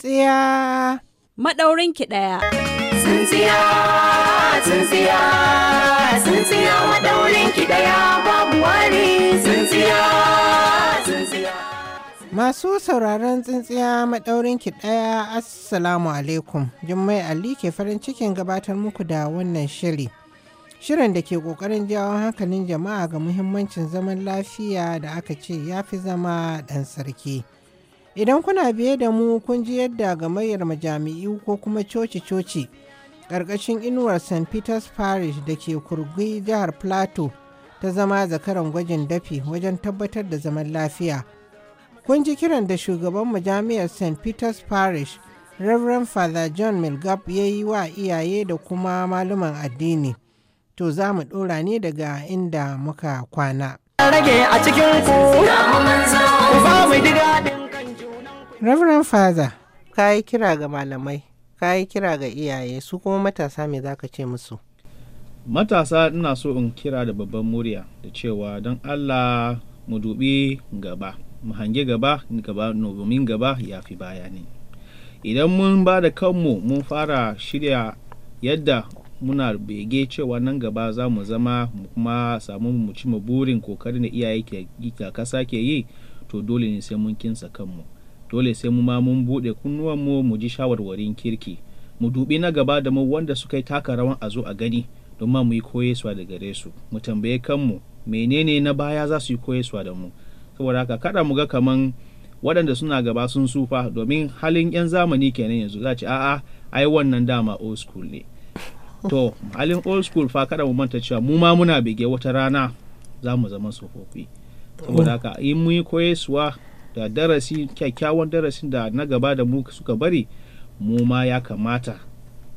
tsintsiya maɗaurin ki ɗaya. Tsintsiya, tsintsiya, tsintsiya maɗaurin ki ɗaya babu wani tsintsiya, tsintsiya. Masu sauraron tsintsiya maɗaurin ki ɗaya Assalamu alaikum, Jummai Ali ke farin cikin gabatar muku da wannan shiri. Shirin da ke ƙoƙarin jawo hankalin jama'a ga muhimmancin zaman lafiya da aka ce ya fi zama ɗan sarki. Idan kuna biye da mu kun ji yadda gamayyar majami'u ko kuma coci-coci ƙarƙashin inuwar St. Peter's Parish da ke kurgi jihar Plateau ta zama zakaran gwajin dafi wajen tabbatar da zaman lafiya. Kun ji kiran da shugaban majami'ar St. Peter's Parish, Reverend Father John Milgap ya yi wa iyaye da kuma malaman addini. To za mu ɗora ne daga inda muka kwana. Reverend Father, ka yi kira ga malamai, ka yi kira ga iyaye, su kuma matasa me za ka ce musu? Matasa ina so in kira da babban murya da cewa don Allah mu dubi gaba, mu hange gaba, gaba domin gaba ya fi baya ne. Idan mun ba da kanmu mun fara shirya yadda muna bege cewa nan gaba za mu zama mu kuma samu mu ci burin kokarin da iyaye ke kasa ke yi to dole ne sai mun kinsa kanmu. dole sai mu ma mun buɗe kunnuwanmu mu ji shawarwarin kirki mu dubi na gaba da mu wanda suka yi taka rawan a zo a gani don ma mu yi koyesuwa da gare su mu tambaye kanmu menene na baya za su yi koyesuwa da mu saboda haka kada mu ga kaman waɗanda suna gaba sun sufa domin halin 'yan zamani kenan yanzu za ce a'a ai wannan dama old school ne to halin old school fa kada mu manta cewa mu ma muna bege wata rana za mu zama tsofaffi saboda haka in mu yi koyesuwa. da darasi kyakkyawan darasin da na gaba da mu suka bari mu ma ya kamata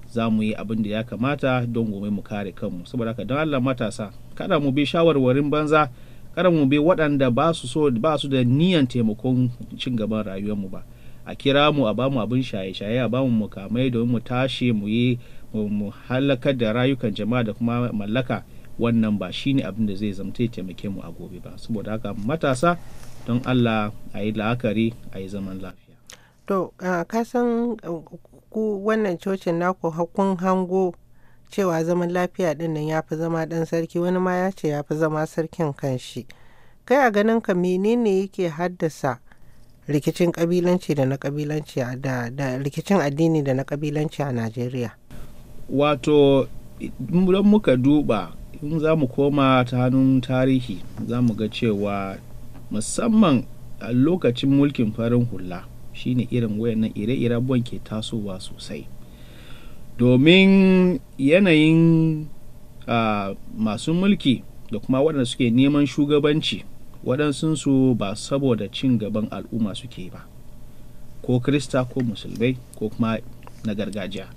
za mu yi abin da ya kamata don gobe mu kare kanmu saboda haka don Allah matasa kada mu bi shawarwarin banza kada mu bi waɗanda ba su so ba su da niyan taimakon cin gaban rayuwar mu ba a kira mu a bamu abin shaye-shaye a bamu mukamai domin mu tashi mu yi mu halakar da rayukan jama'a da kuma mallaka wannan ba shine abin da zai zamta taimake mu a gobe ba saboda haka matasa don allah a yi la'akari a yi zaman lafiya to ka san ku wannan cocin naku hakun hango cewa zaman lafiya din nan ya fi zama ɗan sarki wani ma ya ce ya fi zama sarkin kanshi kai a ganin ka menene yake haddasa rikicin kabilanci da na kabilanci da, rikicin addini da na kabilanci a Najeriya. Wato don muka duba in za mu koma ta hannun tarihi za mu ga cewa musamman a lokacin mulkin farin hula shine irin wayannan ire-ire abubuwan ke tasowa sosai domin yanayin masu mulki da kuma waɗanda suke neman shugabanci waɗansunsu ba saboda cin gaban al'umma suke ba ko krista ko musulmai ko kuma na gargajiya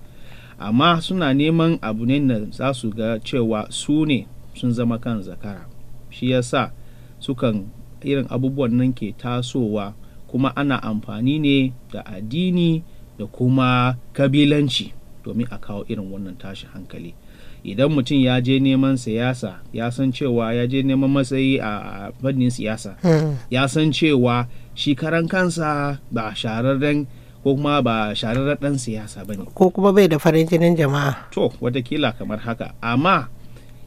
amma suna neman abu ne da za su ga cewa su ne sun zama kan zakara shi yasa sukan irin abubuwan nan ke tasowa kuma ana amfani ne da addini da kuma kabilanci domin a kawo irin wannan tashin hankali idan mutum ya je neman siyasa ya san cewa ya je neman matsayi a fannin siyasa hmm. ya san cewa shi karan kansa ba shararren ko kuma ba shararren dan siyasa ba ko kuma bai da farin jinin jama'a to watakila kamar haka amma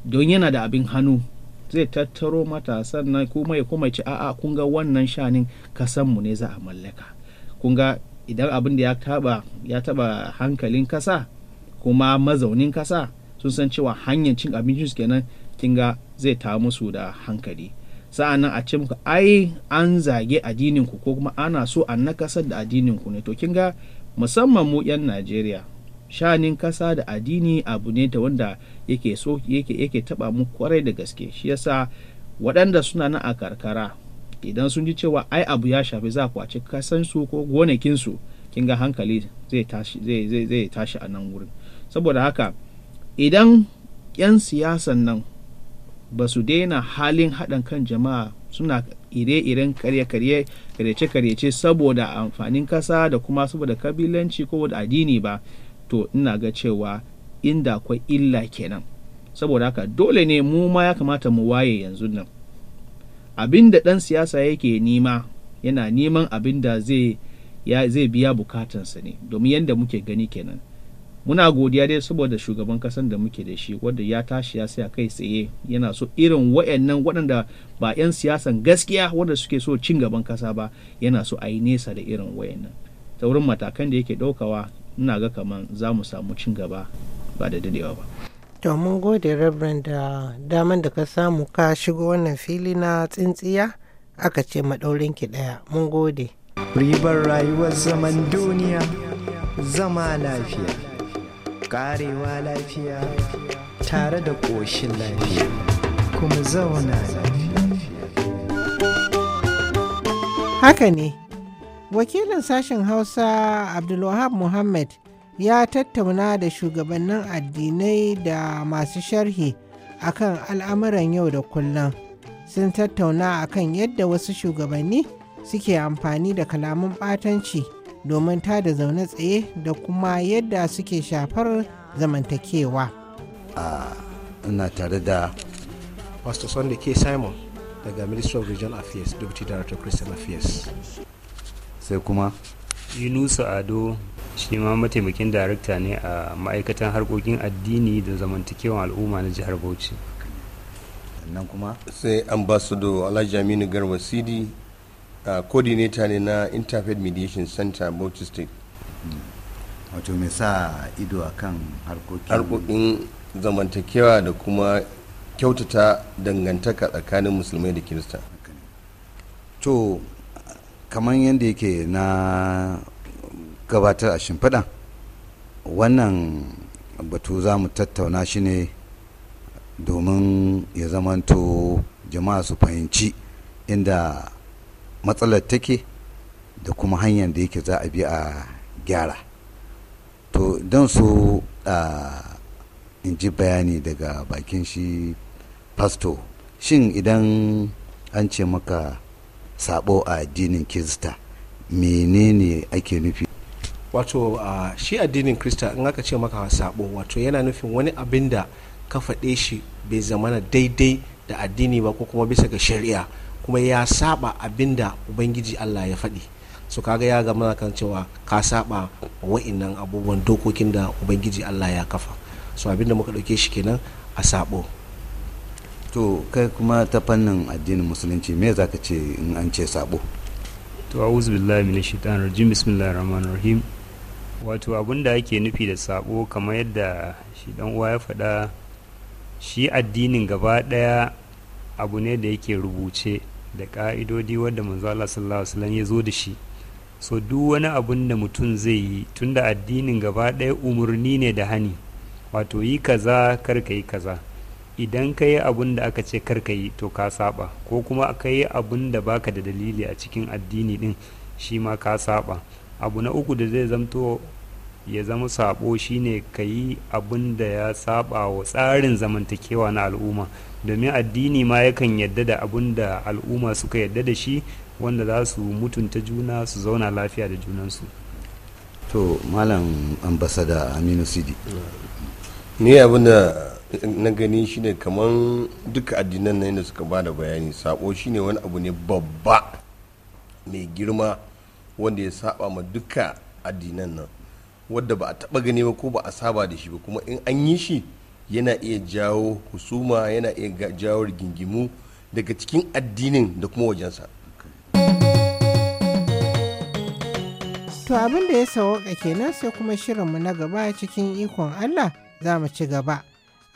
don yana da abin hannu zai tattaro matasan sannan kuma ya kuma ci a'a kun ga wannan shanin kasanmu ne za a mallaka kun ga idan abin da ya taba ya taba hankalin kasa kuma mazaunin kasa sun san cewa hanyar cin abincin su kenan kin ga zai ta musu da hankali sa'annan a ce muku ai an zage addinin ku ko kuma ana so a nakasar da addinin ku ne to kin ga musamman mu 'yan Najeriya shanin kasa da addini abu ne ta wanda yake so yake yake taba mu kwarai da gaske shi yasa waɗanda suna na a karkara idan sun ji cewa ai abu ya shafi za kwaci kasan su ko gonakin su kin ga hankali zai tashi zai zai zai tashi a nan wurin saboda haka idan 'yan siyasan nan ba su daina halin haɗin kan jama'a suna ire-iren karye-karye karyace-karyace saboda amfanin kasa da kuma saboda kabilanci ko da addini ba to ina ga cewa inda akwai illa kenan saboda haka dole ne mu ma ya kamata mu waye yanzu nan abin da ɗan siyasa yake nima yana neman abin da zai zai biya bukatansa ne domin yadda muke gani kenan muna godiya dai saboda shugaban kasan da muke da shi wanda ya tashi ya saya kai tsaye yana so irin wayannan waɗanda ba 'yan siyasan gaskiya wanda suke so cin gaban kasa ba yana so a yi nesa da irin wayannan ta wurin matakan da yake ɗaukawa ina ga kaman za mu samu cin gaba ba da dadewa ba to mun gode rabin da daman da ka samu ka shigo wannan fili na tsintsiya aka ce ki ɗaya mun gode ribar rayuwar zaman duniya zama lafiya karewa lafiya tare da ƙoshin lafiya kuma zauna lafiya haka ne wakilin sashen hausa abdulwahab muhammad ya tattauna da shugabannin addinai da masu sharhi akan al'amuran yau da kullum sun tattauna akan yadda wasu shugabanni suke amfani da kalaman ɓatanci domin tada zaune tsaye da kuma yadda suke shafar zamantakewa a ina tare da pastor sunday k simon daga ministry of regional affairs deputy director christian affairs sai kuma yunusa ado shi ma mataimakin darakta ne a ma'aikatan harkokin addini da zamantakewan al'umma na jihar bauchi nan kuma sai ambassador alhaji aminu garba sidi a coordinator ne na interfaith mediation center bauchi state hmm. wato mai sa ido a kan harkokin zamantakewa da kuma kyautata dangantaka tsakanin musulmai da kirista to kamar yadda yake na gabatar a shimfiɗa wannan batu za mu tattauna shi ne domin ya zamanto jama'a su fahimci inda matsalar take da kuma hanyar da yake za a bi a gyara to don so in ji bayani daga bakin shi fasto shin idan an ce maka sabo a addinin kirista menene ake nufi wato uh, shi addinin kirista in aka ce maka sabo wato yana nufin wani abin da ka faɗe shi bai zamana daidai da addini ba ko kuma bisa ga shari'a kuma ya saba abin da ubangiji allah ya faɗi su so, kaga ya gama kan cewa ka saba wa'innan abubuwan dokokin da ubangiji allah ya kafa so abin da muka ɗauke shi kenan a saɓo. to kai kuma ta fannin addinin musulunci me za ka ce in an ce sabo to billahi rajim rahman rahim wato abin da ake nufi da sabo kamar yadda shi dan uwa ya faɗa shi addinin gaba ɗaya abu ne da yake rubuce da ƙa'idodi wadda Manzala sallallahu alaihi ya zo da shi so duk wani abun da mutum zai yi tunda addinin gaba ɗaya umarni ne da hani wato yi kaza kar ka yi kaza idan ka yi abun da aka ce kar ka yi to ka saba ko kuma ka yi abun da baka da dalili a cikin addini din shi ma ka saba abu na uku da zai zamto ya zama sabo shine ka yi abun da ya saba wa tsarin zamantakewa na al'umma domin addini ma yakan yadda da abun da al'umma suka yadda da shi wanda za su mutunta juna su zauna lafiya da junansu to malam ambasada aminu sidi ni da na gani shi ne kamar duka addinan nan da suka bada bayani sabo ne wani abu ne babba mai girma wanda ya saba ma duka addinan nan wadda ba a taba gani ba ko ba a saba da shi ba kuma in an yi shi yana iya jawo husuma yana iya jawo rigingimu daga cikin addinin da kuma wajensa to abin da ya sauwaka kenan sai kuma shirinmu na gaba cikin ikon allah za mu ci gaba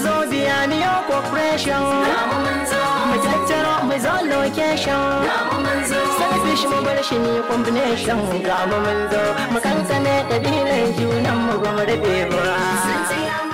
zo Ziyaniyo Corporation Mu tattara mu zo location Selfish mu bar shi ne combination Ga mu mun zo mu kankane da junan mu ba mu rabe ba